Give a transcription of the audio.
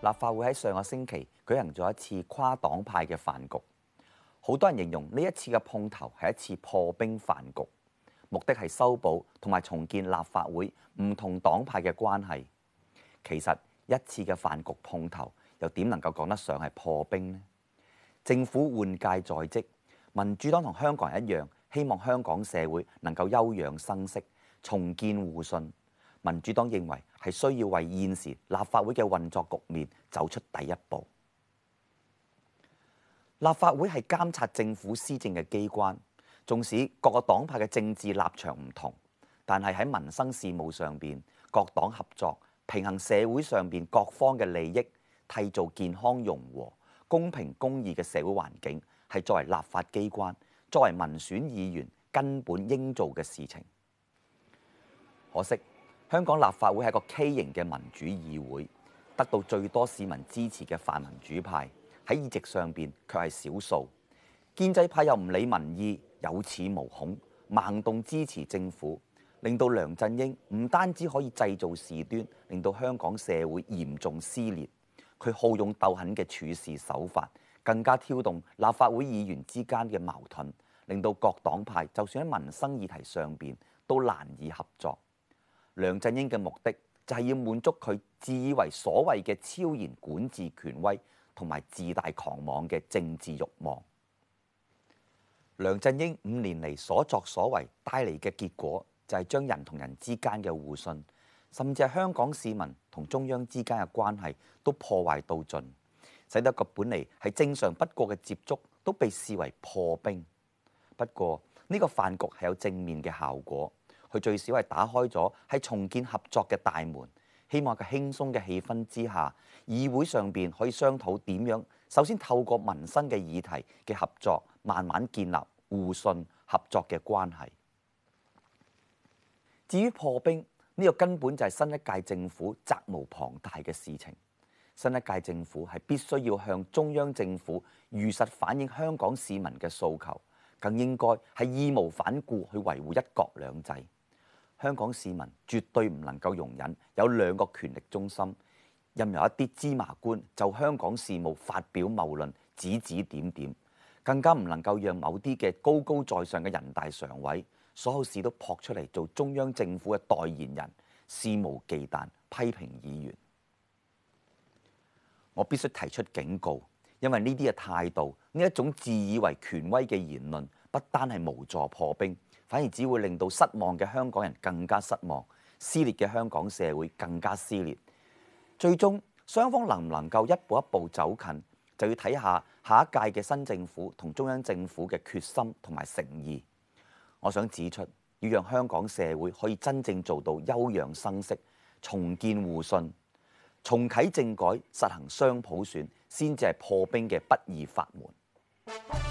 立法會喺上個星期舉行咗一次跨黨派嘅飯局，好多人形容呢一次嘅碰頭係一次破冰飯局，目的係修補同埋重建立法會唔同黨派嘅關係。其實一次嘅飯局碰頭又點能夠講得上係破冰呢？政府換屆在即，民主黨同香港人一樣。希望香港社會能夠休養生息、重建互信。民主黨認為係需要為現時立法會嘅運作局面走出第一步。立法會係監察政府施政嘅機關，縱使各個黨派嘅政治立場唔同，但係喺民生事務上邊，各黨合作、平衡社會上邊各方嘅利益，締造健康、融和、公平、公義嘅社會環境，係作為立法機關，作為民選議員根本應做嘅事情，可惜香港立法會係一個畸形嘅民主議會，得到最多市民支持嘅泛民主派喺議席上面卻係少數，建制派又唔理民意，有恃無恐，盲動支持政府，令到梁振英唔單止可以製造事端，令到香港社會嚴重撕裂，佢好勇鬥狠嘅處事手法，更加挑動立法會議員之間嘅矛盾。令到各黨派就算喺民生議題上邊都難以合作。梁振英嘅目的就係要滿足佢自以為所謂嘅超然管治權威同埋自大狂妄嘅政治慾望。梁振英五年嚟所作所為帶嚟嘅結果就係將人同人之間嘅互信，甚至係香港市民同中央之間嘅關係都破壞到盡，使得一個本嚟係正常不過嘅接觸都被視為破冰。不過呢個飯局係有正面嘅效果，佢最少係打開咗喺重建合作嘅大門。希望佢輕鬆嘅氣氛之下，議會上邊可以商討點樣。首先透過民生嘅議題嘅合作，慢慢建立互信合作嘅關係。至於破冰，呢個根本就係新一屆政府責無旁貸嘅事情。新一屆政府係必須要向中央政府如實反映香港市民嘅訴求。更應該係義無反顧去維護一國兩制。香港市民絕對唔能夠容忍有兩個權力中心，任由一啲芝麻官就香港事務發表謬論，指指點點。更加唔能夠讓某啲嘅高高在上嘅人大常委，所有事都撲出嚟做中央政府嘅代言人，肆無忌憚批評議員。我必須提出警告。因為呢啲嘅態度，呢一種自以為權威嘅言論，不單係無助破冰，反而只會令到失望嘅香港人更加失望，撕裂嘅香港社會更加撕裂。最終，雙方能唔能夠一步一步走近，就要睇下下一屆嘅新政府同中央政府嘅決心同埋誠意。我想指出，要讓香港社會可以真正做到休養生息、重建互信。重啟政改，實行雙普選，先至係破冰嘅不二法門。